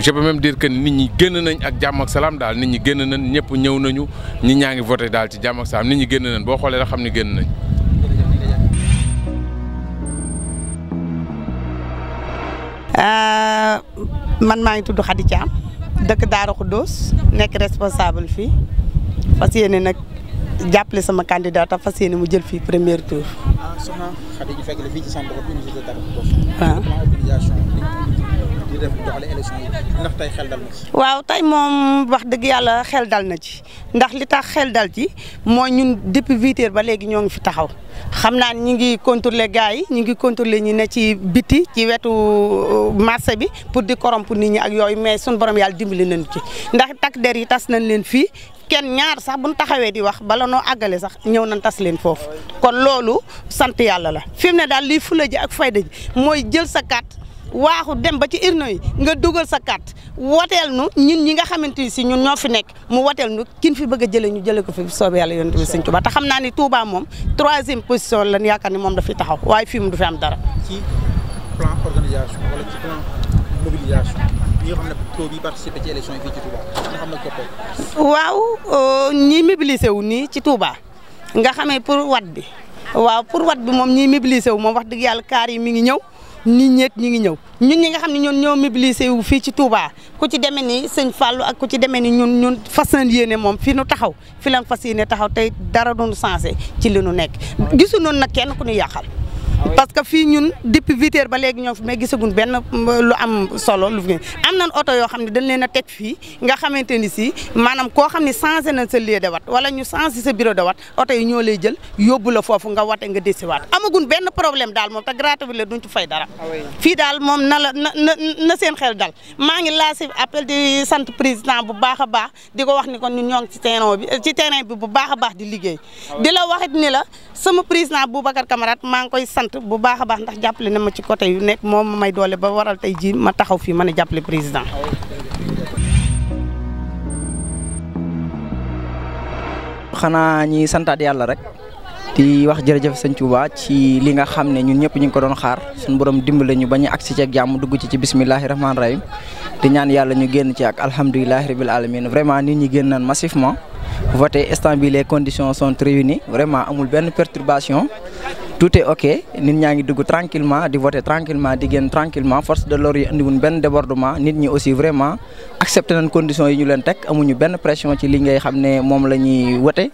je peux même dire que nit ñi génn nañ ak jàmm ak salaam daal nit ñi génn nañ ñëpp ñëw nañu ñi ñaa ngi voté daal ci jàmm ak salaam nit ñi génn nañ boo xoolee la xam ne génn nañ. Euh, man maa ngi tudd Khady Thiam dëkk Daara Khoudoss nekk responsable fii fas yéene nag jàppale sama candidat fas yéene mu jël fii premier tour. Ah, ci centre waaw tey moom wax dëgg yàlla xel dal na ci ndax li tax xel dal ci mooy ñun depuis huit ba léegi ñoo ngi fi taxaw xam naa ñu ngi contrôler gars yi ñu ngi contrôler ñi ne ci biti ci wetu euh, marché bi pour di corrompre nit ñi ak yooyu mais suñu borom yàlla dimbali nañu ci ndax takk der yi tas nañ leen fii. kenn ñaar sax bu ñu taxawee di wax bala noo àggale sax ñëw nañ tas leen foofu kon loolu sant yàlla la fi ne daal liy fula ji ak fayda ji mooy jël sa carte waaxu dem ba ci urne yi nga dugal sa carte woteel nu ñun ñi nga xamante si ñun ñoo fi nekk mu woteel nu kin fi bëgg a jëlee ñu jëlee ko fi soobee yàlla yonent bi sëñ Touba te xam naa ni Touba moom troisième lan yaakaar ni moom dafay taxaw waaye fii fi am dara. ci plan organisation wala ci ñi nga xam ne ci élection nga xam ne ko waaw euh, ñi mobilisé nii ci Touba nga xamee pour wat bi waaw pour wat bi moom ñiy mobilisé wu moom wax dëgg yàlla kaar yi mi ngi ñëw. nit ñeet ñi ngi ñëw ñun ñi nga xam ne ñun ñoo mobilisé wu fii ci Touba ku ci demee ni sëñ Fallou ak ku ci demee ni ñun ñun fas nañ yéene moom fi nu taxaw fi lañ fas yéene taxaw tey dara duñu changé ci li nu nekk gisuñu nag kenn ku ñu yàqal parce que fii ñun depuis huit heures ba léegi ñoo fi mais gisaguñ benn mm, am solo lu fi am nañ oto yoo xam ne dañ leen a teg fii nga xamante ni si maanaam koo xam ne changé na sa lieu de wat wala ñu changé sa bureau de wat oto yi ñoo lay jël yóbbu la foofu nga wate nga si waat amaguñ benn problème daal moom te gratuit la duñ ci fay dara ah fii daal moom na la na na seen xel dal maa ngi lancé appel di sant président bu baax a baax di ko wax ni kon ñun ñoo ngi ci terrain bi ci terrain bi bu a baax di liggéey ah la waxit ni la sama président Boubacar maa ngi koy sant sant bu baakha a baax ndax jàppale na ma ci côté yu nek mom may doole ba waral tay ji ma taxaw fi mané président xana ñi santat yalla rek di wax jërëjëf sëñ Touba ci li nga xamné ñun ñëpp ñing ko doon xaar suñu borom dimbalé ñu ba ñu ci ak jamm dugg ci ci bismillahi rahim di ñaan yalla ñu genn ci ak alamin vraiment nit ñi genn naan massivement voter instant bi les conditions sont réunies vraiment amul benn perturbation tout est ok nit ñaa ngi dugg tranquillement di voter tranquillement di génn tranquillement force de l'ordre yi andiwuñ benn débordement nit ñi aussi vraiment accepté nañ conditions yi ñu leen tek amuñu benn pression ci li ngay xam ne moom la ñuy wote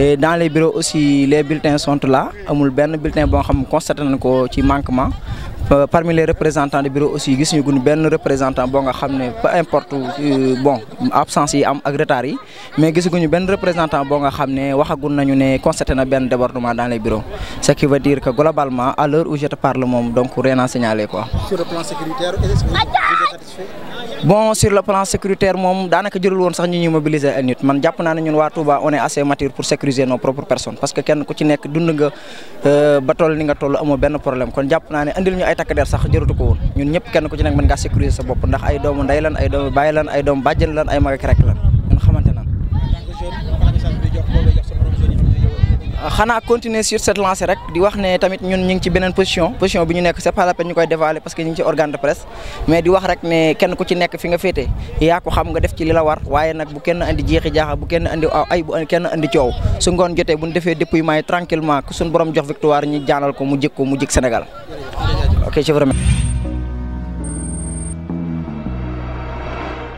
et dans les bureaux aussi les bulletins sont la amul benn bulletin boo xam constaté nañ ko ci manquement Euh, parmi les représentants du bureau aussi gis ñu gun benn représentant boo nga xamné peu importe euh, bon absence yi am ak retard yi mais gisaguñu benn représentant boo nga xamné ne waxagun nañu constaté na benn débordement dans les bureaux ce qui veut dire que globalement à l'heure où je te parle moom donc rien à signaler quoi. Sur le plan sécuritaire, est-ce que vous êtes satisfait? bon sur le plan sécuritaire moom daanaka jërul woon sax ñu ñuy mobiliser ay nit man jàpp naa ne ñun waa Touba on est assez mature pour sécuriser nos propres personnes parce que kenn ku ci nekk dund nga euh, ba toll ni nga toll amoo benn problème kon jàpp naa ne andil ñu ay takk der sax jërutu ko woon ñun ñëpp kenn ku ci nekk mën ngaa sécuriser sa bopp ndax ay doomu ndey lan ay doomu bàyyi ay doomu bàjjen ay mag ak xanaa continuer sur cette lancée rek di wax ne tamit ñun ñu ngi ci beneen position position bi ñu nekk c'est pas la peine ñu koy dévaler parce que ñu ci organe de presse mais di wax rek ne kenn ku ci nekk fi nga féete yaa ko xam nga def ci li la war waaye nag bu kenn andi jeexi jaaxa bu kenn andi ay bu kenn andi coow su ngoon jotee bu ñu defee dépouillement yi tranquillement ku suñu borom jox victoire ñu jaanal ko mu jëkk ko mu jëkk Sénégal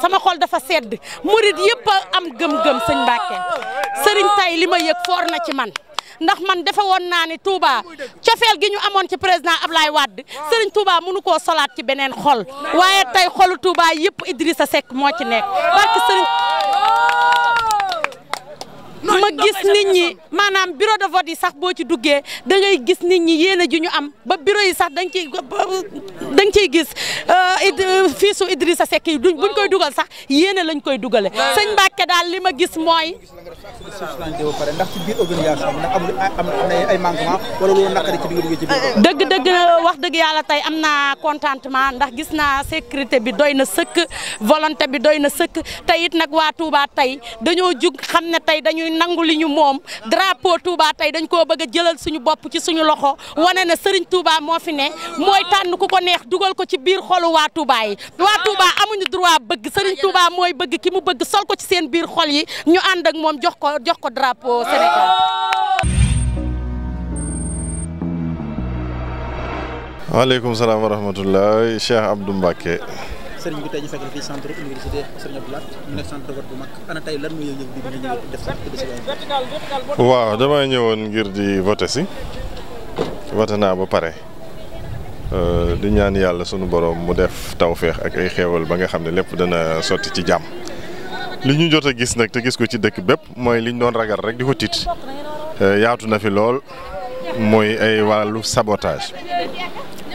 sama xol dafa sedd murit yëpp am gëm-gëm sëñ Mbàkke sëriñ tay li ma yëg foor na ci man ndax man dafa woon naa ni Touba cofeel gi ñu amoon ci président ab Ablaye Wade sëriñ Touba mënu koo solaat ci beneen xol waaye tey xolu Touba yëpp Idrissa Seck moo ci nekk barke sëriñ ma gis nit ñi maanaam bureau de vote yi sax boo ci duggee da gis nit ñi yéene ji ñu am ba bureau yi sax dañ ciy dañ ciy gis euh, euh, fii su Idrissa Seck yi duñ buñ koy dugal sax yéene lañ koy dugale sëñ Mbacke daal li ma gis mooy. ndax dëgg dëgg wax dëgg yàlla tey am naa contentement ndax gis naa sécurité bi doy na sëkk volonté bi doy na sëkk teyit nag waa Touba tey dañoo jug xam ne tey dañuy nangu nangu liñu mom drapeau Touba tay dañ ko bëgg jëlal suñu bop ci suñu loxo wané na Serigne Touba mo fi né moy tànn ku ko neex duggal ko ci biir xolu wa Touba yi wa Touba amuñu droit bëgg Serigne Touba moy bëgg ki mu bëgg sol ko ci seen biir xol yi ñu and ak mom jox ko jox ko drapeau Sénégal waaleykum salaam wa rahmatullah Cheikh Abdou mbake sëriñ bi tey waaw damaa ñëwoon ngir di vote si vote naa ba pare euh, di ñaan yàlla sunu borom mu def tawféex ak ay xewal ba nga xam ne lépp dana sotti ci jàmm. li ñu jot a gis nag te gis ko ci dëkk bépp mooy li ñu doon ragal rek di ko tit euh, yaatu na fi lool mooy ay wàllu sabotage.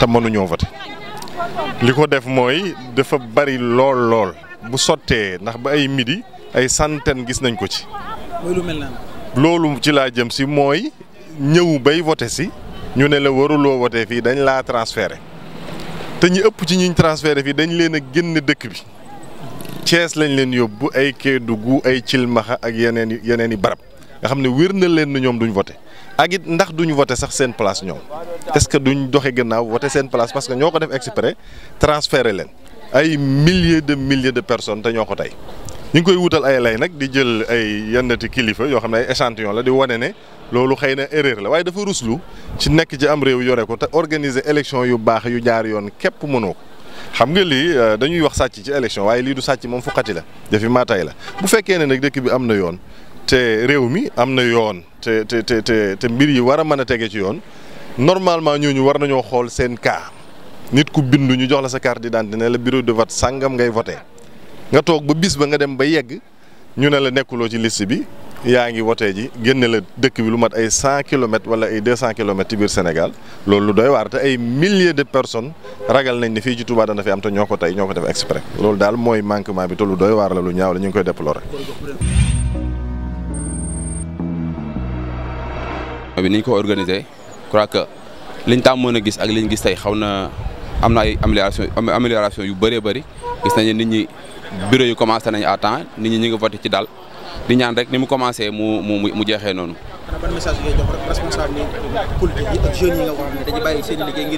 te mënuñoo voté li ko def mooy dafa bari lool lool bu sottee ndax ba ay midi ay santen gis nañ ko ci. loolu mel na loolu ci laa jëm si mooy ñëw bay voté si ñu ne la waruloo voté fii dañ laa transféré te ñi ëpp ci ñiñ transféré fii dañ leen a génn dëkk bi Thiès lañ leen yóbbu ay Kédougou ay Cilmaxa ak yeneen yeneen i barab. nga xam ne wér na leen ni ñoom duñ voté ak it ndax duñ voté sax seen place ñoom est-ce que duñ doxe gannaaw voté seen place parce que ñoo ko def exprès transféré leen ay milliers de millier de personnes te ñoo ko tey. ñu ngi koy wutal ay lay nag di jël ay yennati kilifa yoo xam ne ay échantillon la di wane ne loolu xëy na erreur la waaye dafa ruslu ci nekk ci am réew yore ko te organiser élection yu baax yu jaar yoon képp mënoo ko. xam nga lii euh, dañuy wax sàcc ci élection waaye lii du sàcc moom fuqati la jafi maatay la bu fekkee ne nag dëkk bi am na yoon te réew mi am na yoon te te te te mbir yi war a mën a tege ci yoon normalement ñoo ñu war nañoo xool seen cas nit ku bindu ñu jox la sa carte d'identité ne la bureau de vote sàngam ngay voté nga toog ba bis ba nga dem ba yegg ñu ne la nekkuloo ci list bi yaa ngi wotee ji génne la dëkk bi lu mat ay cent kilomètres wala ay deux cent kilomètres ci biir Sénégal loolu lu doy waar te ay milliers de personnes ragal nañ ne fii ci Touba dana fi am te ñoo ko tey ñoo ko def exprès loolu daal mooy manquement bi te lu doy waar la lu ñaaw la ñu ngi koy déplorer. bi ni ñu ko organisé crois que liñ tàmm mën a gis ak liñ gis tey xaw na am na ay amélioration amélioration yu bëree bëri gis nañu nit ñi bureau yu commencé nañ à temps nit ñi ñu ngi voté ci daal di ñaan rek ni mu commencé mu mu mu jeexee noonu. ban message ngay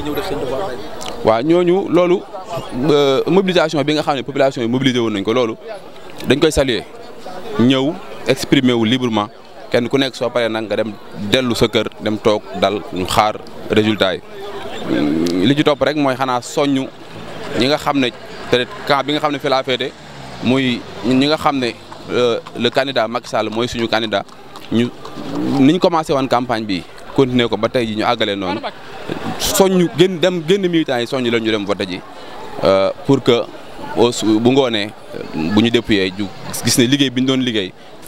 jox waaw ñooñu loolu mobilisation bi nga xam ne population yi mobilisé woon nañ ko loolu dañ koy saluer ñëw exprimer wu librement. kenn ku nekk soo paree nag nga dem dellu sa kër dem toog dal ñu xaar résultat yi mm, li ci topp rek mooy xanaa soññu ñi nga xam ne peut-être camp bi nga xam ne fi laa féete ñi nga xam ne euh, le candidat Macky Sall mooy suñu candidat ñu niñ commencé woon campagne bi continuer ko ba tey ji ñu àggale noonu soññu gën dem génn militants yi soññu leen ñu dem vote ji euh, pour que bu ngoonee euh, bu ñu dépuyee ju gis ne liggéey bi ñu doon liggéey